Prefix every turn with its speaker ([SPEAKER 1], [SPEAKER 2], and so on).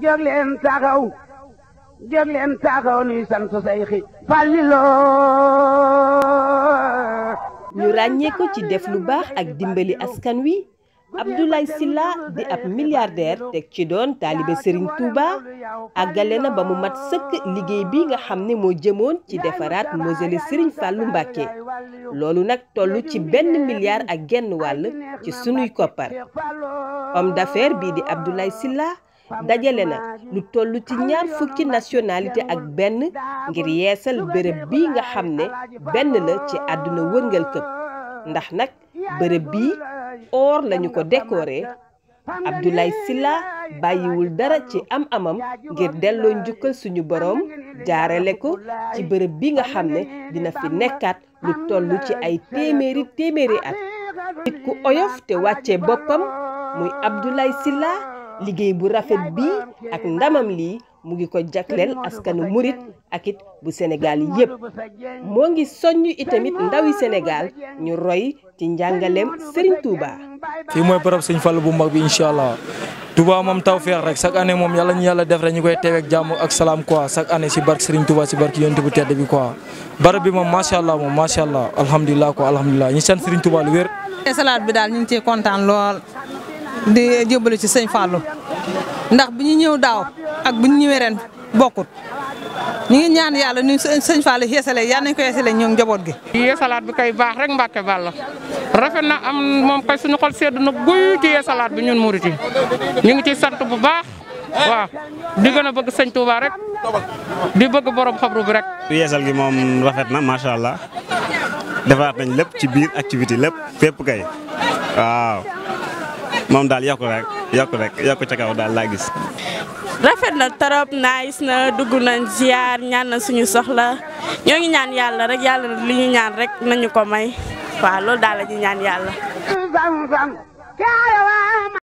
[SPEAKER 1] jóg leen ñu ràññee ko ci def lu baax ak dimbali askan wi Abdoulaye Sylla di ab milliardaire teg ci doon taalibe Serigne Touba àggale na ba mu mat sëkk liggéey bi nga xam ne moo jëmoon ci defaraat mausolée Serigne Fallou Mbacké loolu nag toll ci benn milliard ak genn wàll ci sunuy koppar homme d'affaires bii di Abdoulaye Sylla dajale na lu toll ci ñaar fukki nationalité ak benn ngir yeesal bërëb bi nga xam ne benn la ci àdduna wërngal këpp ndax nag bërëb bi or lañu ko décoré Abdoulaye Sylla bàyyiwul dara ci am-amam ngir delloo njukkal suñu boroom jaarale ko ci bërëb bi nga xam ne dina fi nekkaat lu toll ci ay téeméeri téeméeri at nit ku oyof te wàcce boppam muy Abdoulaye Sylla liggey bu rafet bi ak ndamam li mu ngi ko jaklel askanu mourid akit bu Senegal yeb mo ngi soñu itamit ndawi Senegal ñu roy ci njangalem Serigne Touba.
[SPEAKER 2] fii moy borop Serigne fall bu mag bi inshallah Touba mom tawfiq rek sak ane mom yalla ñu yalla def rek ñu koy ak jamm ak salam quoi sak ane si bark Serigne Touba si bark yonte bu tedd bi quoi barab bi mom machallah mom machallah alhamdullilah allah alhamdulilah quoi alhamdulilah ñu sant Serigne Touba lu wer
[SPEAKER 1] salat bi dal ñu ci ciy lol di jébbalu ci sëñ Fallou ndax bi ñu ñëw daaw ak bu ñu ñëwee ren bokkut ñu ngi ñaan yàlla ni sëñ Fallou yeesale
[SPEAKER 2] yal nañ ko yeesale ñoom njaboot gi. yeesalaat bi kay baax rek Mbàkke Bàlla rafet na am moom kay suñu xol sedd na guy ci yeesalaat bi ñun murit yi ñu ngi ci sant bu baax waaw di gën a bëgg sëñ Touba rek di bëgg borom xabru bi rek. yeesal gi moom rafet na macha allah defaat nañ lépp ci biir activité lépp fépp kay waaw. moom daal yokku rek yokku rek yokku ca kaw daal laa gis.
[SPEAKER 1] rafet na trop nice na dugg nañ ziar ñaan na suñu soxla ñoo ngi ñaan yàlla rek yàlla li ñu ñaan rek nañu ko may waaw loolu daal la ñu ñaan yàlla.